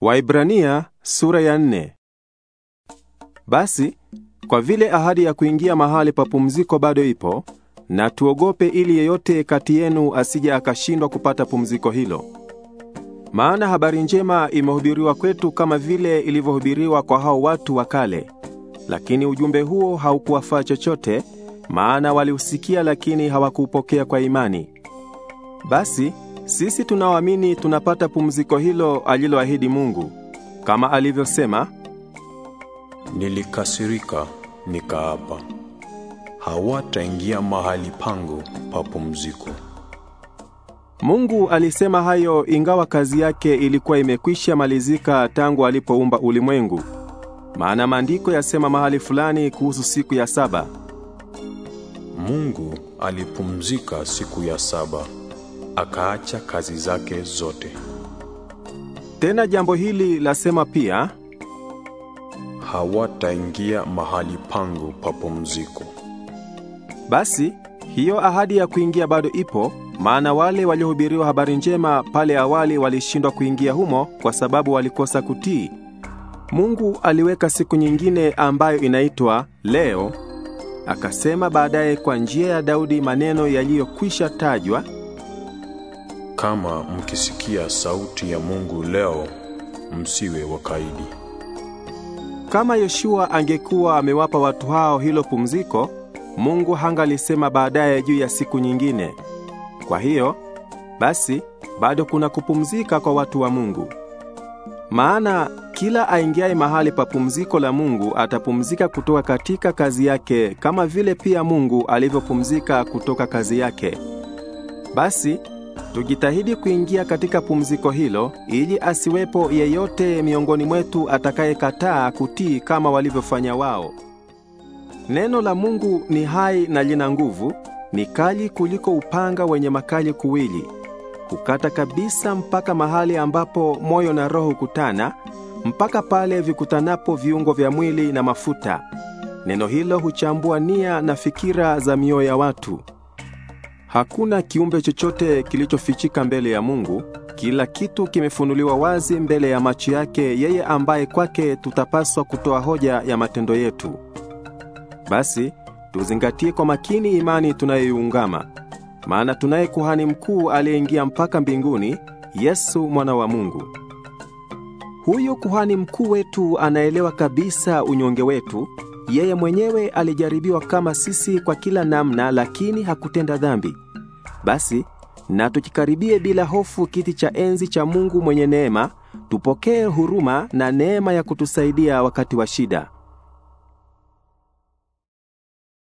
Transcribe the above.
Waibrania sura ya nne. Basi kwa vile ahadi ya kuingia mahali pa pumziko bado ipo, na tuogope ili yeyote kati yenu asije akashindwa kupata pumziko hilo. Maana habari njema imehubiriwa kwetu kama vile ilivyohubiriwa kwa hao watu wa kale, lakini ujumbe huo haukuwafaa chochote, maana waliusikia lakini hawakupokea kwa imani. Basi sisi tunaoamini tunapata pumziko hilo aliloahidi Mungu, kama alivyosema, nilikasirika nikaapa, hawataingia mahali pangu pa pumziko. Mungu alisema hayo ingawa kazi yake ilikuwa imekwisha malizika tangu alipoumba ulimwengu. Maana maandiko yasema mahali fulani kuhusu siku ya saba. Mungu alipumzika siku ya saba akaacha kazi zake zote. Tena jambo hili lasema pia, hawataingia mahali pangu pa pumziko. Basi hiyo ahadi ya kuingia bado ipo, maana wale waliohubiriwa habari njema pale awali walishindwa kuingia humo kwa sababu walikosa kutii. Mungu aliweka siku nyingine ambayo inaitwa leo, akasema baadaye kwa njia ya Daudi maneno yaliyokwisha tajwa kama mkisikia sauti ya Mungu leo, msiwe wakaidi. Kama Yoshua angekuwa amewapa watu hao hilo pumziko, Mungu hangalisema baadaye juu ya siku nyingine. Kwa hiyo basi, bado kuna kupumzika kwa watu wa Mungu. Maana kila aingiaye mahali pa pumziko la Mungu atapumzika kutoka katika kazi yake kama vile pia Mungu alivyopumzika kutoka kazi yake. Basi Tujitahidi kuingia katika pumziko hilo ili asiwepo yeyote miongoni mwetu atakayekataa kutii kama walivyofanya wao. Neno la Mungu ni hai na lina nguvu, ni kali kuliko upanga wenye makali kuwili, kukata kabisa mpaka mahali ambapo moyo na roho hukutana, mpaka pale vikutanapo viungo vya mwili na mafuta. Neno hilo huchambua nia na fikira za mioyo ya watu. Hakuna kiumbe chochote kilichofichika mbele ya Mungu, kila kitu kimefunuliwa wazi mbele ya macho yake yeye ambaye kwake tutapaswa kutoa hoja ya matendo yetu. Basi tuzingatie kwa makini imani tunayoiungama, maana tunaye kuhani mkuu aliyeingia mpaka mbinguni, Yesu mwana wa Mungu. Huyu kuhani mkuu wetu anaelewa kabisa unyonge wetu yeye mwenyewe alijaribiwa kama sisi kwa kila namna, lakini hakutenda dhambi. Basi na tukikaribie bila hofu kiti cha enzi cha Mungu mwenye neema, tupokee huruma na neema ya kutusaidia wakati wa shida.